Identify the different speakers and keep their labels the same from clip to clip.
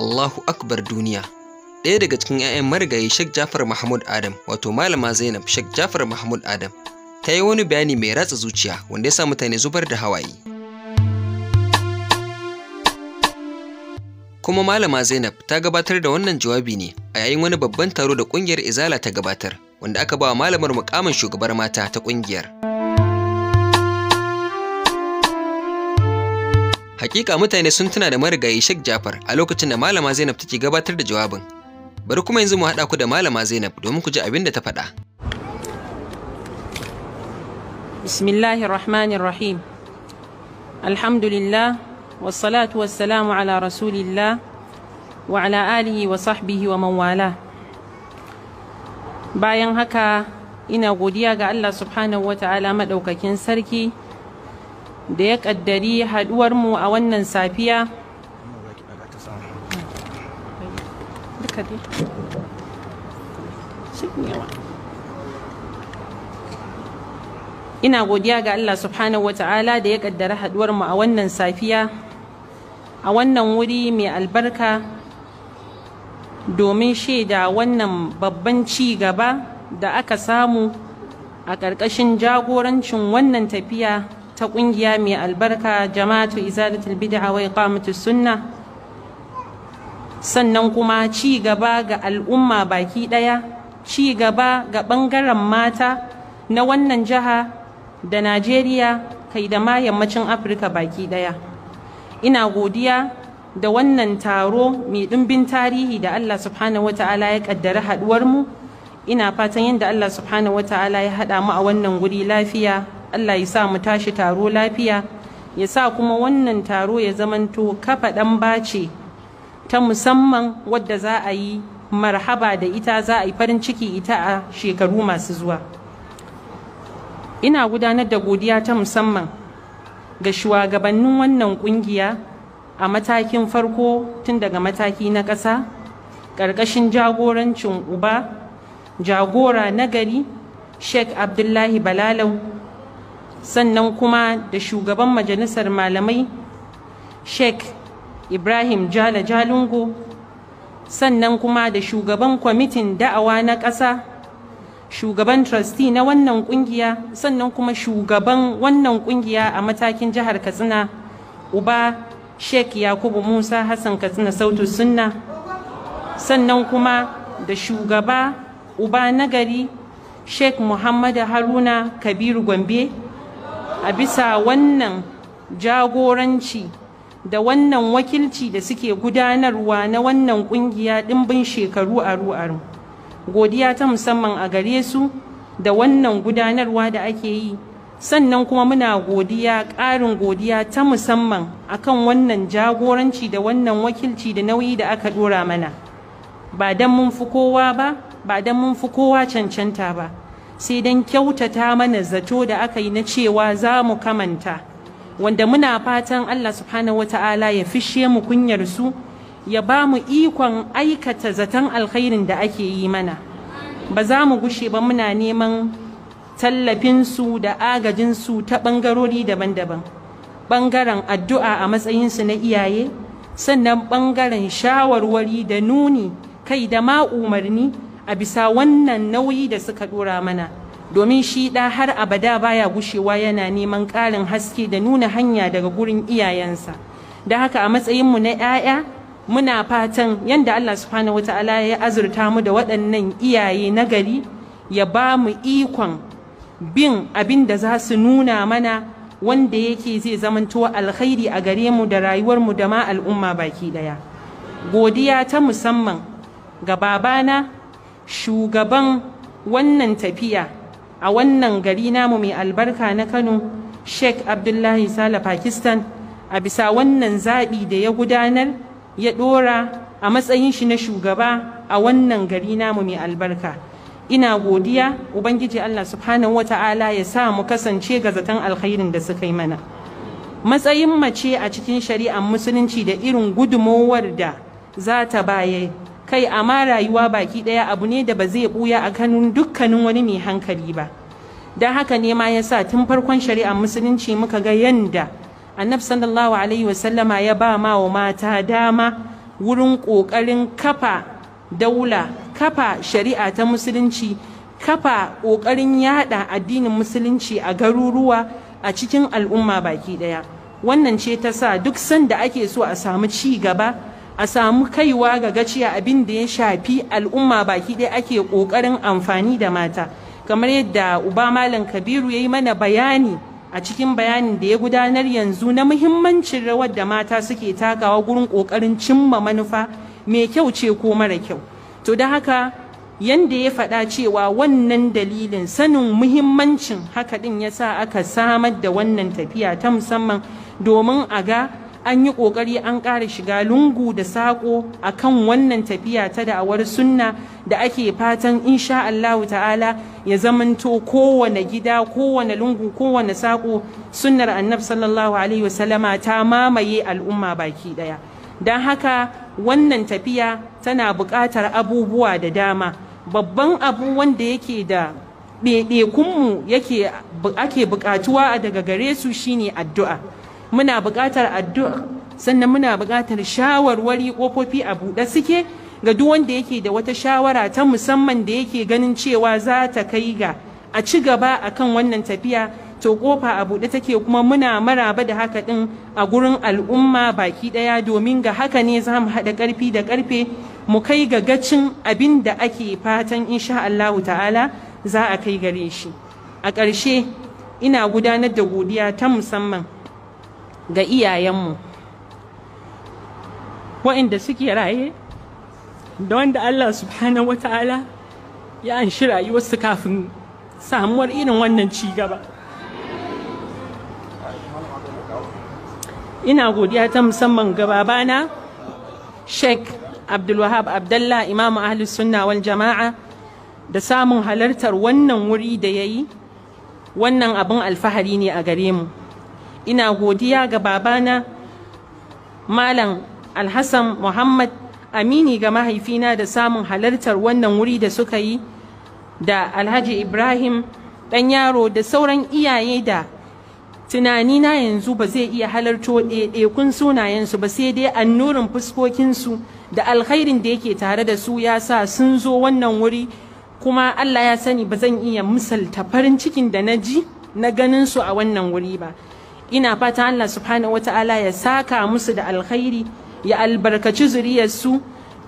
Speaker 1: Allahu Akbar duniya. Ɗaya daga cikin 'ya'yan marigayi Sheikh Jafar Mahmud Adam, wato Malama Zainab Sheikh Jafar Mahmud Adam, ta yi wani bayani mai ratsa zuciya wanda ya sa mutane zubar da hawaye. Kuma Malama Zainab ta gabatar da wannan jawabi ne a yayin wani babban taro da ƙungiyar Izala ta gabatar, wanda aka ba wa malamar mukamin shugabar mata ta ƙungiyar. Hakika mutane sun tuna da marigayi Sheikh Jafar a lokacin da Malama Zainab take gabatar da jawabin. Bari kuma yanzu mu haɗa ku da Malama Zainab domin ku ji abin da ta faɗa. Bismillahirrahmanirrahim. Alhamdulillah wassalatu wassalamu ala Rasulillah wa ala alihi wa sahbihi wa manwala. Bayan haka ina godiya ga Allah subhanahu wa ta'ala madaukakin sarki da ya kaddari mu a wannan safiya ina godiya ga Allah subhanahu wata'ala da ya kaddara mu a wannan safiya a wannan wuri mai albarka domin shaida wannan babban ci gaba da aka samu a ƙarƙashin jagorancin wannan tafiya ta kungiya mai albarka jama'atu izalatul bid'a wa iqamatus sunna sannan kuma ci gaba ga al'umma baki daya ci gaba ga bangaren mata na wannan jiha da Najeriya kai da ma yammacin Afirka baki daya ina godiya da wannan taro mai dimbin tarihi da Allah subhanahu wata'ala ya kaddara haduwar mu ina fatan yadda Allah subhanahu wata'ala ya haɗa mu a wannan guri lafiya Allah ya sa mu tashi taro lafiya ya sa kuma wannan taro ya zamanto kafa ɗan bace ta musamman wadda za a yi marhaba da ita za a yi farin ciki ita a shekaru masu zuwa ina gudanar da godiya ta musamman ga shugabannin wannan kungiya a matakin farko tun daga mataki na ƙasa ƙarƙashin jagorancin uba jagora nagari sheikh abdullahi balalau sannan kuma da shugaban majalisar malamai sheik ibrahim jala jalungo sannan kuma da shugaban kwamitin da'awa na ƙasa shugaban trustee na wannan kungiya sannan kuma shugaban wannan kungiya a matakin jihar katsina uba sheik yakubu musa hassan katsina sautu sunna sannan kuma da shugaba uba nagari sheik Muhammadu haruna kabiru gombe a bisa wannan jagoranci da wannan wakilci da suke gudanarwa na wannan kungiya ɗimbin shekaru aru-aru godiya ta musamman a gare su da wannan gudanarwa da ake yi sannan kuma muna godiya ƙarin godiya ta musamman akan wannan jagoranci da wannan wakilci da nauyi da aka ɗora mana ba don mun fi kowa ba ba don mun fi kowa cancanta ba sai don kyautata mana zato da aka yi na cewa za mu kamanta wanda muna fatan Allah subhanahu wata'ala ya fishe mu kunyar su ya ba mu ikon aikata zaton alkhairin da ake yi mana ba za mu gushe ba muna neman tallafinsu da agajinsu ta ɓangarori daban-daban ɓangaren addu'a a matsayinsu na iyaye sannan ɓangaren shawarwari da nuni kai da ma umarni a bisa wannan nauyi da suka dora mana domin shi ɗa har abada baya gushewa yana neman ƙarin haske da nuna hanya daga gurin iyayensa da haka a matsayinmu na 'ya'ya muna fatan yadda Allah subhanahu wata'ala ya azurta mu da waɗannan iyaye nagari ya ba mu ikon bin abin da za su nuna mana wanda yake zai zamanto alkhairi a gare mu da rayuwarmu da ma al'umma baki ɗaya godiya ta musamman ga babana shugaban wannan tafiya a wannan gari namu mai albarka na kano sheikh abdullahi sala pakistan a bisa wannan zaɓi da ya gudanar ya ɗora a matsayin shi na shugaba a wannan gari namu mai albarka ina godiya ubangiji allah subhanahu wata'ala ya sa mu kasance ga zaton alkhairin da suka yi mana matsayin mace a cikin shari'ar musulunci da irin gudumowar da za ta baye kai amma rayuwa baki ɗaya abu ne da ba zai buya a kanun dukkanin wani mai hankali ba don haka ne ma ya sa tun farkon shari'ar musulunci muka ga yanda annabi sallallahu alaihi wasallama ya ba ma wa mata dama wurin ƙoƙarin kafa daula kafa shari'a ta musulunci kafa ƙoƙarin yada addinin musulunci a garuruwa a cikin al'umma baki ɗaya wannan ce ta sa duk sanda ake so a samu ci gaba a samu kaiwa ga gaciya abin da ya shafi al'umma baki ɗaya ake ƙoƙarin amfani da mata kamar yadda uba malam kabiru ya yi mana bayani a cikin bayanin da ya gudanar yanzu na muhimmancin rawar da mata suke takawa gurin ƙoƙarin cimma manufa mai kyau ce ko mara kyau to da haka yanda ya faɗa cewa wannan dalilin sanin muhimmancin haka ɗin ya sa aka samar da wannan tafiya ta musamman domin a ga an yi ƙoƙari an ƙara shiga lungu da saƙo a kan wannan tafiya ta da'awar sunna da ake fatan insha Allahu ta'ala ya zamanto kowane gida kowane lungu kowane saƙo sunnar annab sallallahu alaihi wasallama ta mamaye al'umma baki ɗaya don haka wannan tafiya tana buƙatar abubuwa da dama babban abu wanda yake da ɗaiɗaikunmu yake ake buƙatuwa daga gare su shine addu'a muna buƙatar addu'a sannan muna buƙatar shawarwari ƙofofi a buɗe suke ga duk wanda yake da wata shawara ta musamman da yake ganin cewa za ta kai ga a ci gaba akan wannan tafiya to ƙofa a buɗe take kuma muna maraba da haka ɗin a gurin al'umma baki ɗaya domin ga haka ne za mu haɗa ƙarfi da ƙarfe mu kai ga gacin abin da ake fatan insha Allah ta'ala za a kai gare shi a ƙarshe ina gudanar da godiya ta musamman ga iyayenmu wa'inda suke raye da wanda Allah subhanahu wa ta'ala ya anshi rayuwarsu kafin samuwar irin wannan ci gaba ina godiya ta musamman ga babana sheikh abdulwahab abdallah imamu ahli sunna wal jama'a da samun halartar wannan wuri da ya yi wannan abin alfahari ne a gare mu ina godiya ga babana malam alhassan muhammad amini ga mahaifina da samun halartar wannan wuri da suka yi da alhaji ibrahim ɗan yaro da sauran iyaye da tunani na yanzu ba zai iya halarto ɗaiɗaikun sunayensu ba sai dai annurin fuskokinsu da alkhairin da yake tare da su ya sa sun zo wannan wuri kuma allah ya sani ba zan iya misalta farin cikin da na ji na ganin su a wannan wuri ba ina fata Allah subhanahu wata'ala ya saka musu da alkhairi ya albarkaci zuriyarsu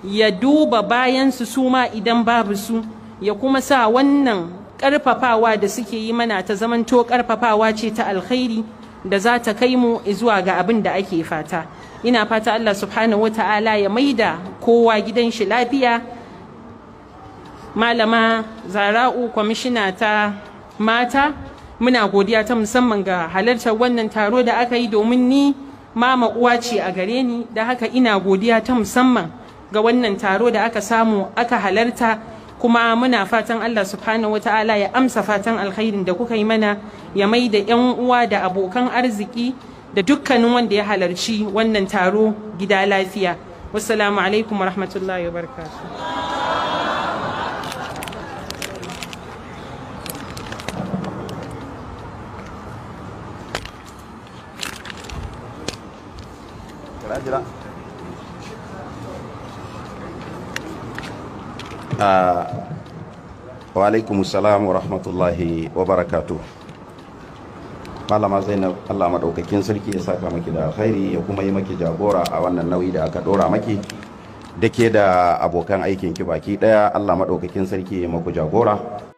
Speaker 1: ya duba bayansu su ma idan babu su ya kuma sa wannan karfafawa da suke yi mana ta zamanto karfafawa ce ta alkhairi da za ta kai mu zuwa ga abin da ake fata ina fata Allah subhanahu wata'ala ya maida kowa gidan shi lafiya malama zara'u kwamishina ta mata muna godiya ta musamman ga halartar wannan taro da aka yi domin ni mama uwa ce a gare ni da haka ina godiya ta musamman ga wannan taro da aka samu aka halarta kuma muna fatan Allah subhanahu wataala ya amsa fatan alkhairin da kuka yi mana ya mai da yan uwa da abokan arziki da dukkanin wanda ya halarci wannan taro gida lafiya wassalamu alaikum wa wabarakatuh jira ah, wa alaikum salam wa rahmatullahi wa barakatu malama zainab allah maɗaukakin sarki ya saka maki da alkhairi ya kuma yi maki jagora a wannan nauyi da aka ɗora maki dake da abokan aikin ki baki ɗaya allah maɗaukakin sarki ya maku jagora